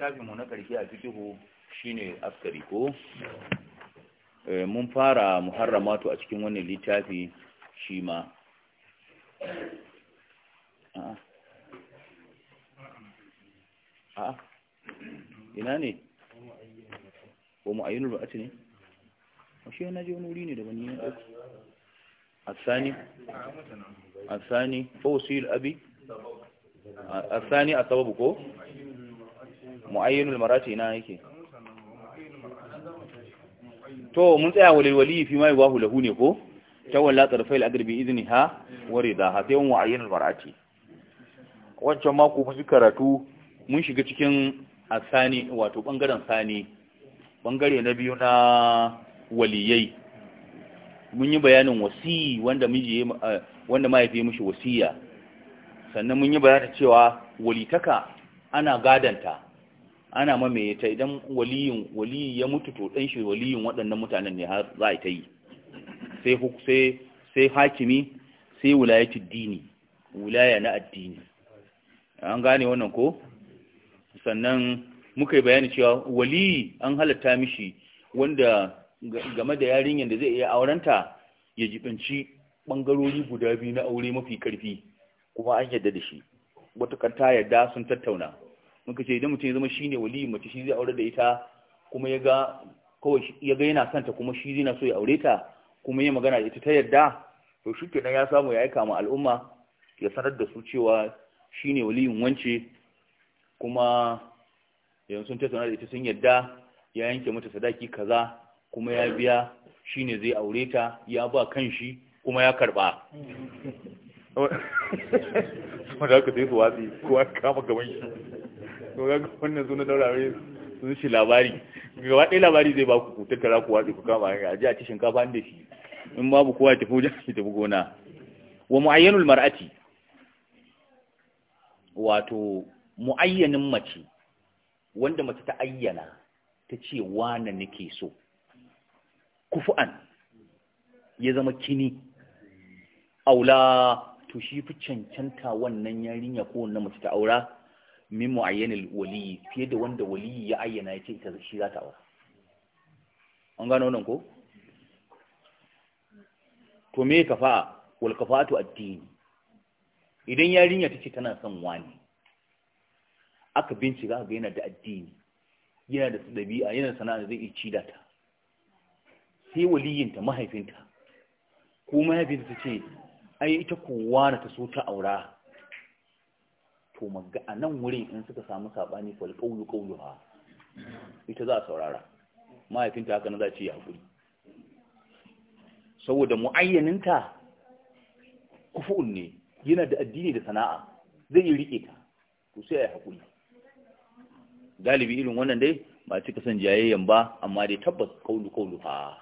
mu na ƙarshe a fikihu shine askari ko eh, mun fara muharramatu a cikin wannan littafi shi ma a ah. ah. ina ne ko mu'ayyinul ba'ati ne shi yana ji wani wuri ne da wani yin asani asani fawsil abi asani a ko mu'ayyinul marati ina yake to mun tsaya walil wali fi ma yawahu lahu ne ko tawalla tarfai al-adr bi idniha wa ha sai mu'ayyinul marati wancan mako fi karatu mun shiga cikin asani wato bangaren sani bangare na biyu na waliyai mun yi bayanin wasi wanda miji eh, wanda mahaifi mishi wasiya sannan mun yi bayanin cewa walitaka ana gadanta ana mamaye ta idan waliyin waliyi ya mutu to dan shi waliyin waɗannan mutanen ne har za a ta yi sai sai sai hakimi sai wilayatul dini wilaya na addini an gane wannan ko sannan muka yi bayani cewa waliyi an halatta mishi wanda game da yarinyar da zai iya aurenta ya jibanci bangarori guda biyu na aure mafi karfi kuma an yadda da shi Wata kanta yadda sun tattauna muka ce idan mutum ya zama shine wali mace shi zai aure da ita kuma ya ga kawai ya ga yana santa kuma shi zai na so ya aure ta kuma ya magana da ita ta yarda to shi kenan ya samu ya aika ma al'umma ya sanar da su cewa shine wali wance kuma yanzu sun tattauna da ita sun yarda ya yanke mata sadaki kaza kuma ya biya shi ne zai aure ta ya ba kan shi kuma ya karba wanda aka sai su watsi kuma kama gaban shi to ga wannan suna taurari sun shi labari ga waɗe labari zai ba ku tattara ku waɗe ku kama a ji a ci shinkafa da shi in babu kowa tafi wajen shi tafi gona wa mu'ayyanul mar'ati wato mu'ayyanin mace wanda mace ta ayyana ta ce wane nake so kufu'an ya zama kini aula to shi fi cancanta wannan yarinya ko wannan mace ta aura min mu'ayyanil waliyi fiye da wanda waliyi ya ayyana ya ce ita shi za ta aura an gano nan ko to me kafa'a wal kafa'atu addini idan yarinya tace tana son wani aka bincika ga yana da addini yana da dabi'a yana da sana'a zai iya cida ta sai ta mahaifinta ko mahaifinta ta ai ita kowa na ta so ta aura to maga a nan wurin in suka samu saɓani fal ƙaulu ha ita za a saurara mahaifinta haka na za ce ya haƙuri saboda mu'ayyaninta kufu'un ne yana da addini da sana'a zai yi riƙe ta to sai a yi haƙuri galibi irin wannan dai ba cika son jayayyan ba amma dai tabbas ƙaulu ƙaulu ha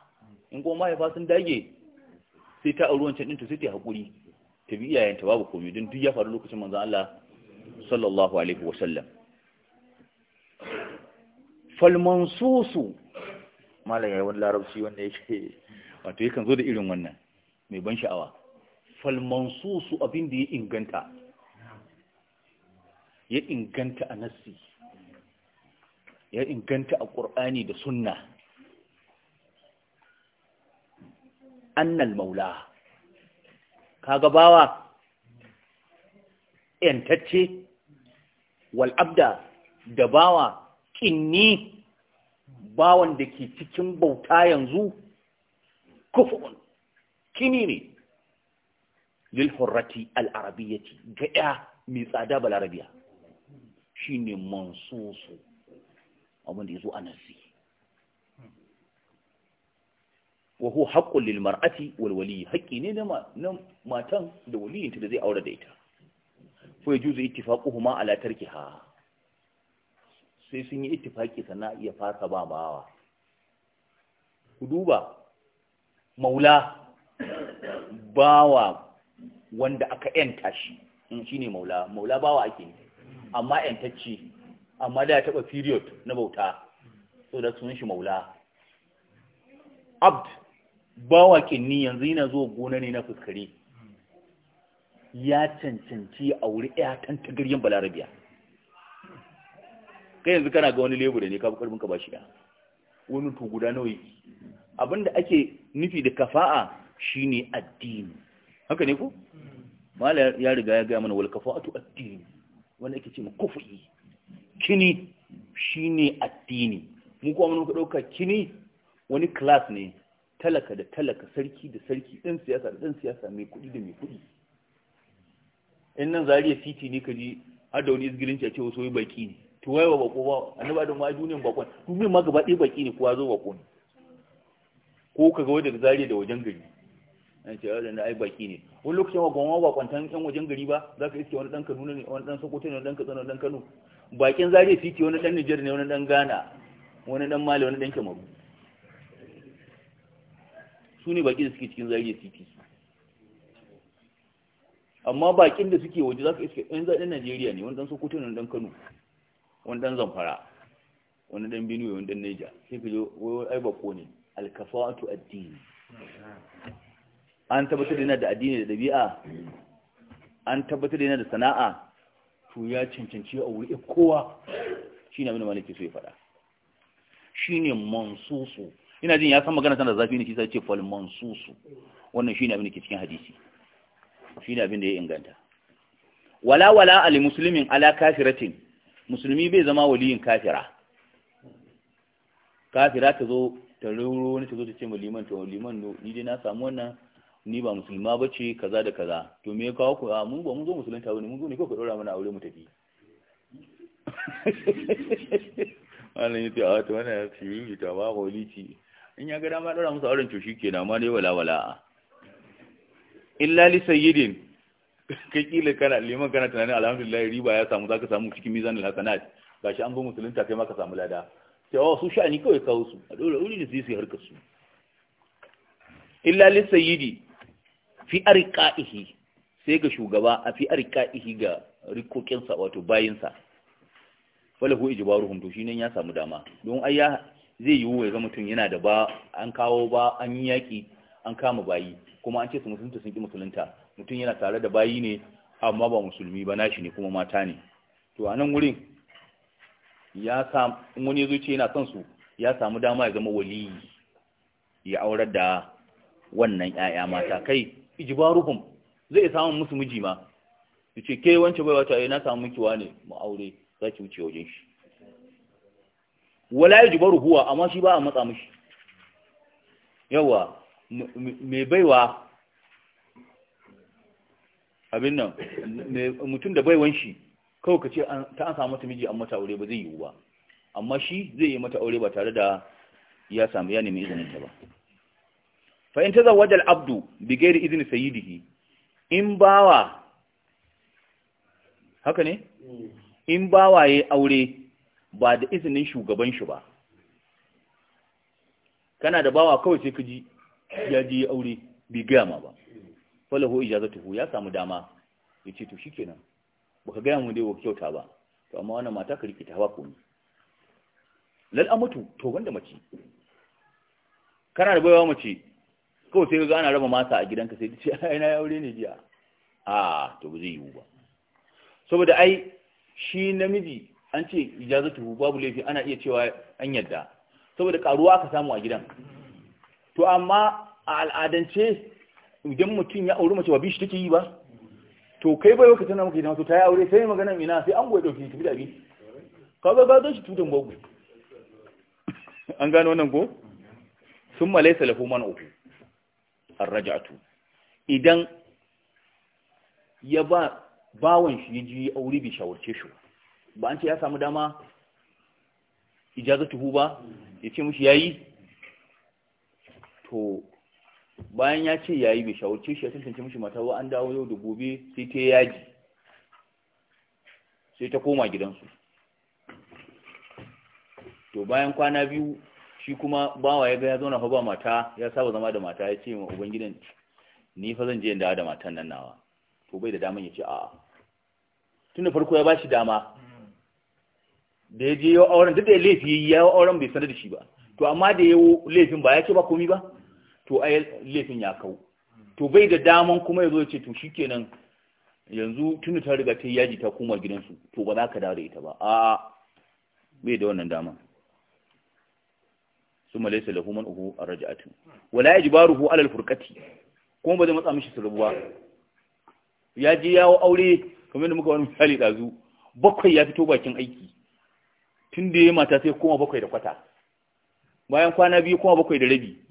in kuma mahaifa sun dage sai ta auri wancan ɗinta to sai ta haƙuri ta bi iyayenta babu komai don duk ya faru lokacin manzan Allah sallallahu alaihi wasallam falmansusu malam wani larabci wanda yake wato yakan zo da irin wannan mai ban sha'awa falmansusu abin da ya inganta ya inganta a nassi ya inganta a ƙur'ani da sunna annal maula kaga bawa ‘yantacce, wal'abda da bawa ƙinni bawan da ke cikin bauta yanzu, kufu'un, kini ne, lilhurrati al'arabiyyati ga ‘ya mai tsada balarabiya, shi ne mansusu, abinda ya zo a nasi. Wahu haƙƙun lilmar'ati walwali haƙƙi ne na matan da waliyinta da zai aure da ita. fa yajuzu ittifaquhuma ala tarkiha sai sun yi ittifaki sannan iya fasa ba bawa ku duba maula bawa wanda aka yanta shi in shine maula maula bawa ake amma yantacce amma da ya taba period na bauta so da sun shi maula abd bawa kinni yanzu yana zo gona ne na fuskare ya cancanci ya auri ta tagaryen balarabiya kai yanzu kana ga wani lebura ne ka bi ka ba shi da wani to guda nauyi. Abin abinda ake nufi da kafa'a shine addini haka ne ku? mala ya riga ya gaya mana wal kafa'atu addini wanda ake ce ma kufi kini shine addini mu kuma mun dauka kini wani class ne talaka da talaka sarki da sarki ɗan siyasa da ɗan siyasa mai kuɗi da mai kuɗi in nan zariya titi ne ka ji har da wani izgirinci a ce wasu baki ne to wai wa bako ba annabi adam ma duniyan bako ne duniyan ma gaba ɗaya baki ne kowa zo bako ne ko ka ga wadda zariya da wajen gari an ce wadda ai baki ne wani lokacin wa gwamma ba kwantan yan wajen gari ba za ka iske wani ɗan kaduna ne wani ɗan sokoto ne wani ɗan katsina wani ɗan kano bakin zariya titi wani ɗan nijar ne wani ɗan ghana wani ɗan mali wani ɗan kyamaru su ne baki da suke cikin zariya titi amma bakin da suke waje za ka iske ɗan zaɗin najeriya ne wani ɗan sokoto ne ɗan kano wani ɗan zamfara wani ɗan benue wani ɗan naija sai ka zai wani ai bako ne alkafatu addini an tabbatar da yana da addini da ɗabi'a an tabbatar da yana da sana'a to ya cancanci a wuri kowa shi ne abin da malaki so ya faɗa shi ne mansusu ina jin ya san magana da zafi ne shi sai ce fal mansusu wannan shi ne abin da ke cikin hadisi Shi ne abin da ya inganta wala wala Ali Musulmin ala kafiratin musulmi bai zama waliyin kafira kafira ta zo ta ruru wani ta zo ta ce ma liman to liman ni dai na samu wannan ni ba musulma ba ce kaza da kaza to me ya kawo ku mu ba mun zo musulunta wani, mun zo ne ko ka ɗora mana aure mu tafi wannan yace a wani ya fi yi ta ba walici in ya ga dama ɗora musu auren to shikenan ma dai wala wala illa li sayyidin kai kila kana liman kana tunanin alhamdulillah riba ya samu zaka samu cikin mizanul hasanat gashi an bi musulunta kai ma ka samu lada sai wa oh, su sha'ani kawai kawo su a dole wuri da su yi harkar su illa li sayyidi fi arqaihi sai ga shugaba a fi arqaihi ga sa wato bayinsa falahu ijbaruhum to shine ya samu dama don ayya zai yiwu ya ga mutum yana da ba an kawo ba an yaki an kama bayi kuma an ce su musulunta sun ki musulunta mutum yana tare da bayi ne amma ba musulmi ba nashi ne kuma mata ne to a nan wurin ya samu wani zuci yana son su ya samu dama ya zama wali ya aurar da wannan 'ya'ya mata kai ijbaruhum zai samu musu miji ma yace ke wance bai wata yana eh, na samu miki wane mu aure za ki wuce wajen shi wala yajbaru huwa amma shi ba a matsa mishi yawa mai baiwa abin nan mutum da baiwan shi kawai ka ce ta an samu mata miji an mata aure ba zai yiwu ba amma shi zai yi mata aure ba tare da ya samu ya nemi izininta ba fa’in ta tazawwaja al-abdu bigai da izini sayidihi in bawa haka ne in bawa ya aure ba da izinin shugaban shi ba kana da bawa kawai sai ka ji ya ji aure bai gaya ma ba falahu ijazatuhu ya samu dama ya ce to shikenan baka gaya mu dai wa kyauta ba to amma wannan mata ka ta ba komai lal amatu to wanda mace kana da baiwa mace kawai sai ga ana raba masa a gidanka sai ta ce ai na aure ne jiya a to ba zai yiwu ba saboda ai shi namiji an ce tuhu babu laifi ana iya cewa an yadda saboda karuwa aka samu a gidan to amma a al'adance idan mutum ya auri mace ba bishi take yi ba to kai bai baka tana maka idan ta yi aure sai magana ina sai an goye dauke tafi da bi ka ga gadon shi tutan bagu an gano wannan ko sun malaisa lahu man uku arraja'atu idan ya ba bawon shi ya ji aure bi shawarce shi ba an ce ya samu dama ijazatu ba ya ce mushi yayi to bayan ya ce yayi bai shawarce shi ya tantance mishi mata ba an dawo yau da gobe sai ta yaji sai ta koma gidansu to bayan kwana biyu shi kuma bawa ya ga ya zauna fa ba mata ya saba zama da mata ya ce ma ubangidan ni fa zan je in da matan nan nawa to bai da daman ya ce a'a tun da farko ya ba shi dama da ya je yau auren duk da ya laifi ya yi auren bai sanar da shi ba to amma da ya laifin ba ya ce ba komi ba to yi laifin ya kau to bai da daman kuma ya zo ya ce to shi kenan yanzu tuni ta riga ta yaji ta koma gidansu to ba za ka dawo da ita ba a bai da wannan daman suma laysa lahu man uhu arja'atu wala ba ruhu, alal furkati. kuma ba zai matsa mishi ba. ya je yawo aure kamar da muka wani misali ɗazu. bakwai ya fito bakin aiki tunda yi mata sai koma bakwai da kwata bayan kwana biyu koma bakwai da rabi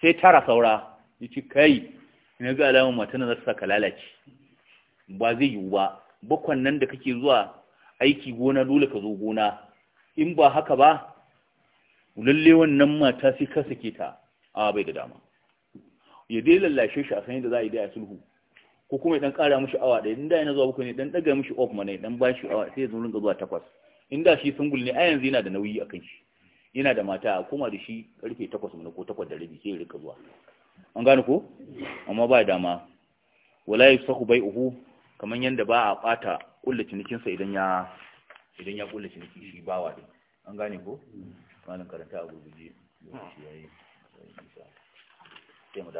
sai tara saura ya ci kai na ga alamun matan za su saka lalace ba zai yiwu ba bakon nan da kake zuwa aiki gona dole ka zo gona in ba haka ba lalle wannan mata sai ka sake ta a bai da dama ya dai lallashe shi a sanyi da za a yi da sulhu ko kuma ya dan kara mashi awa ɗaya inda yana zuwa bakwai ne dan daga mashi off mana dan ba shi awa sai ya zo ringa zuwa takwas inda shi sungul ne a yanzu yana da nauyi akan shi yana da mata a koma da shi karfe takwas mana ko takwas da rabi sai ya rika zuwa an gane ko amma ba dama wala yusahu bai'uhu kaman yanda ba a bata kullu cinikin sa idan ya idan ya kullu ciniki shi bawa din an gane ko malam karanta a gurguje yayi sai mu